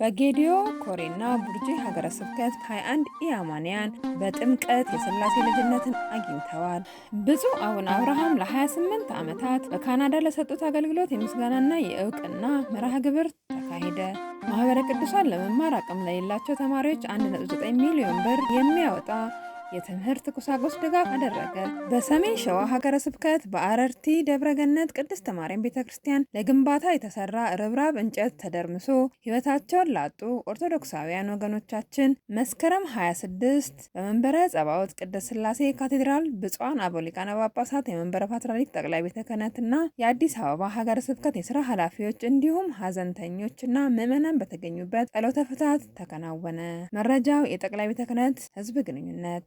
በጌዲዮ ኮሬና ቡርጂ ሀገረ ስብከት 21 ኢአማንያን በጥምቀት የስላሴ ልጅነትን አግኝተዋል። ብፁዕ አቡነ አብርሃም ለ28 ዓመታት በካናዳ ለሰጡት አገልግሎት የምስጋናና የእውቅና መርሃ ግብር ተካሄደ። ማህበረ ቅዱሳን ለመማር አቅም ለሌላቸው ተማሪዎች 1.9 ሚሊዮን ብር የሚያወጣ የትምህርት ቁሳቁስ ድጋፍ አደረገ። በሰሜን ሸዋ ሀገረ ስብከት በአረርቲ ደብረገነት ቅድስተ ማርያም ቤተ ክርስቲያን ለግንባታ የተሰራ ርብራብ እንጨት ተደርምሶ ሕይወታቸውን ላጡ ኦርቶዶክሳውያን ወገኖቻችን መስከረም 26 በመንበረ ጸባዖት ቅድስት ሥላሴ ካቴድራል ብፁዓን አበው ሊቃነ ጳጳሳት፣ የመንበረ ፓትርያርክ ጠቅላይ ቤተ ክህነትና የአዲስ አበባ ሀገረ ስብከት የስራ ኃላፊዎች እንዲሁም ሀዘንተኞችና ምዕመናን በተገኙበት ጸሎተ ፍትሐት ተከናወነ። መረጃው የጠቅላይ ቤተ ክህነት ሕዝብ ግንኙነት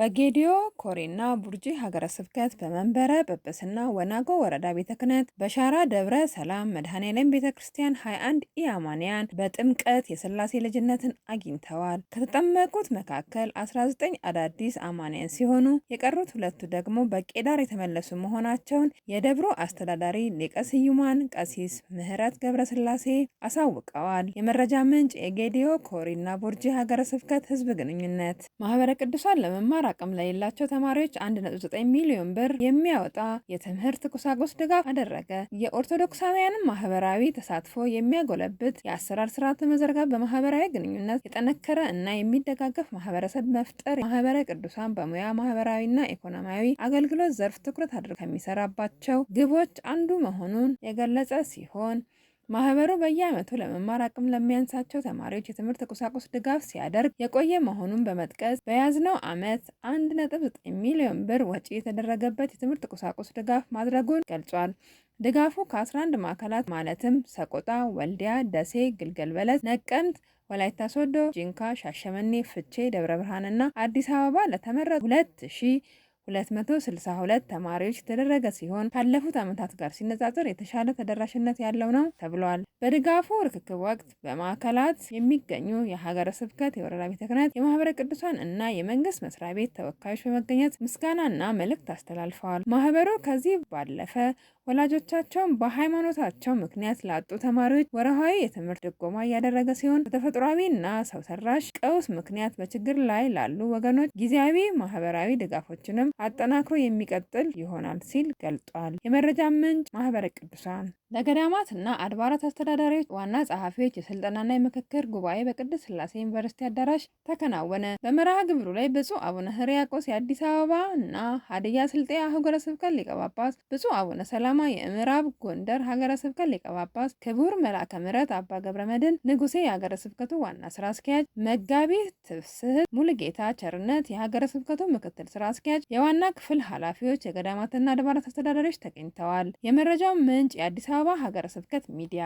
በጌዲዮ ኮሬና ቡርጂ ሀገረ ስብከት በመንበረ ጵጵስና ወናጎ ወረዳ ቤተ ክህነት በሻራ ደብረ ሰላም መድኃኔዓለም ቤተ ክርስቲያን 21 ኢአማንያን በጥምቀት የሥላሴ ልጅነትን አግኝተዋል። ከተጠመቁት መካከል 19 አዳዲስ አማንያን ሲሆኑ የቀሩት ሁለቱ ደግሞ በቄዳር የተመለሱ መሆናቸውን የደብሮ አስተዳዳሪ ሊቀ ስዩማን ቀሲስ ምህረት ስላሴ አሳውቀዋል። የመረጃ ምንጭ የጌዲዮ ኮሬና ቡርጂ ሀገረ ስብከት ህዝብ ግንኙነት ማህበረ ቅዱሳን ለመማር መማር አቅም ለሌላቸው ተማሪዎች 1.9 ሚሊዮን ብር የሚያወጣ የትምህርት ቁሳቁስ ድጋፍ አደረገ። የኦርቶዶክሳውያንን ማህበራዊ ተሳትፎ የሚያጎለብት የአሰራር ስርዓት መዘርጋት፣ በማህበራዊ ግንኙነት የጠነከረ እና የሚደጋገፍ ማህበረሰብ መፍጠር፣ ማህበረ ቅዱሳን በሙያ ማህበራዊና ኢኮኖሚያዊ አገልግሎት ዘርፍ ትኩረት አድርጎ ከሚሰራባቸው ግቦች አንዱ መሆኑን የገለጸ ሲሆን ማህበሩ በየዓመቱ ለመማር አቅም ለሚያንሳቸው ተማሪዎች የትምህርት ቁሳቁስ ድጋፍ ሲያደርግ የቆየ መሆኑን በመጥቀስ በያዝነው ዓመት 1.9 ሚሊዮን ብር ወጪ የተደረገበት የትምህርት ቁሳቁስ ድጋፍ ማድረጉን ገልጿል። ድጋፉ ከ11 ማዕከላት ማለትም ሰቆጣ፣ ወልዲያ፣ ደሴ፣ ግልገል በለስ፣ ነቀምት ወላይታ ሶዶ፣ ጂንካ፣ ሻሸመኔ፣ ፍቼ፣ ደብረ ብርሃንና አዲስ አበባ ለተመረጡ 2000 262 ተማሪዎች የተደረገ ሲሆን ካለፉት ዓመታት ጋር ሲነጻጸር የተሻለ ተደራሽነት ያለው ነው ተብሏል። በድጋፉ ርክክብ ወቅት በማዕከላት የሚገኙ የሀገረ ስብከት፣ የወረዳ ቤተ ክህነት፣ የማህበረ ቅዱሳን እና የመንግስት መስሪያ ቤት ተወካዮች በመገኘት ምስጋናና መልእክት አስተላልፈዋል። ማህበሩ ከዚህ ባለፈ ወላጆቻቸውን በሃይማኖታቸው ምክንያት ላጡ ተማሪዎች ወረሃዊ የትምህርት ድጎማ እያደረገ ሲሆን በተፈጥሯዊና ሰው ሰራሽ ቀውስ ምክንያት በችግር ላይ ላሉ ወገኖች ጊዜያዊ ማህበራዊ ድጋፎችንም አጠናክሮ የሚቀጥል ይሆናል ሲል ገልጧል። የመረጃ ምንጭ ማህበረ ቅዱሳን ለገዳማት እና አድባራት አስተዳዳሪዎች፣ ዋና ጸሐፊዎች የስልጠናና የምክክር ጉባኤ በቅድስት ሥላሴ ዩኒቨርሲቲ አዳራሽ ተከናወነ። በመርሃ ግብሩ ላይ ብፁዕ አቡነ ሕርያቆስ የአዲስ አበባ እና ሀዲያ ስልጤ አህጉረ ስብከት ሊቀ ጳጳስ፣ ብፁዕ አቡነ ሰላማ የምዕራብ ጎንደር ሀገረ ስብከት ሊቀ ጳጳስ፣ ክቡር መልአከ ምሕረት አባ ገብረ መድን ንጉሴ የሀገረ ስብከቱ ዋና ስራ አስኪያጅ፣ መጋቢ ትስህት ሙሉጌታ ቸርነት የሀገረ ስብከቱ ምክትል ስራ አስኪያጅ፣ የዋና ክፍል ኃላፊዎች፣ የገዳማትና አድባራት አስተዳዳሪዎች ተገኝተዋል። የመረጃው ምንጭ የአዲስ አበባ ሀገረ ስብከት ሚዲያ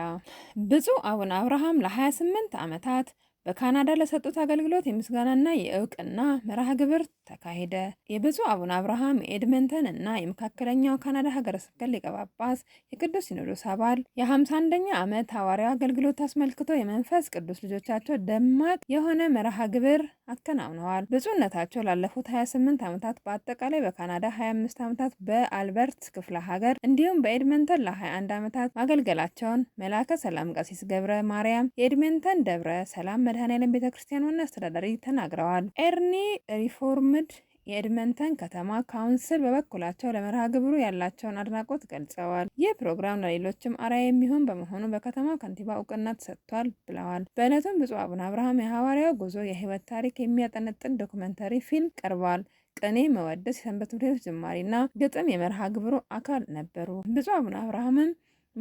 ብፁዕ አቡነ አብርሃም ለ28 ዓመታት በካናዳ ለሰጡት አገልግሎት የምስጋናና የእውቅና መርሃ ግብር ተካሄደ። የብፁዕ አቡነ አብርሃም የኤድመንተን እና የመካከለኛው ካናዳ ሀገረ ስብከት ሊቀ ጳጳስ፣ የቅዱስ ሲኖዶስ አባል፣ የ51ኛ ዓመት ሐዋርያው አገልግሎት አስመልክቶ የመንፈስ ቅዱስ ልጆቻቸው ደማቅ የሆነ መርሃ ግብር አከናውነዋል። ብፁዕነታቸው ላለፉት 28 ዓመታት በአጠቃላይ በካናዳ 25 ዓመታት በአልበርት ክፍለ ሀገር እንዲሁም በኤድመንተን ለ21 ዓመታት ማገልገላቸውን መላከ ሰላም ቀሲስ ገብረ ማርያም የኤድመንተን ደብረ ሰላም የመድኃኔዓለም ቤተ ክርስቲያን ዋና አስተዳዳሪ ተናግረዋል። ኤርኒ ሪፎርምድ የኤድመንተን ከተማ ካውንስል በበኩላቸው ለመርሃ ግብሩ ያላቸውን አድናቆት ገልጸዋል። ይህ ፕሮግራም ለሌሎችም አርአያ የሚሆን በመሆኑ በከተማው ከንቲባ እውቅና ተሰጥቷል ብለዋል። በእለቱም ብፁዕ አቡነ አብርሃም የሐዋርያው ጉዞ የሕይወት ታሪክ የሚያጠነጥን ዶኩመንተሪ ፊልም ቀርቧል። ቅኔ፣ መወደስ፣ የሰንበት ትምህርት ቤቶች ዝማሬና ግጥም የመርሃ ግብሩ አካል ነበሩ። ብፁዕ አቡነ አብርሃምም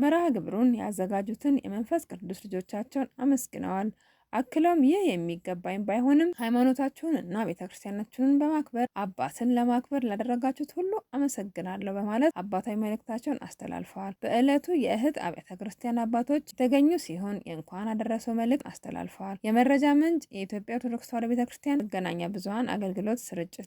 መርሃ ግብሩን ያዘጋጁትን የመንፈስ ቅዱስ ልጆቻቸውን አመስግነዋል። አክለውም ይህ የሚገባኝ ባይሆንም ሃይማኖታችሁን እና ቤተክርስቲያናችሁን በማክበር አባትን ለማክበር ላደረጋችሁት ሁሉ አመሰግናለሁ በማለት አባታዊ መልእክታቸውን አስተላልፈዋል። በዕለቱ የእህት አብያተ ክርስቲያን አባቶች የተገኙ ሲሆን የእንኳን አደረሰው መልእክት አስተላልፈዋል። የመረጃ ምንጭ የኢትዮጵያ ኦርቶዶክስ ተዋሕዶ ቤተክርስቲያን መገናኛ ብዙኃን አገልግሎት ስርጭት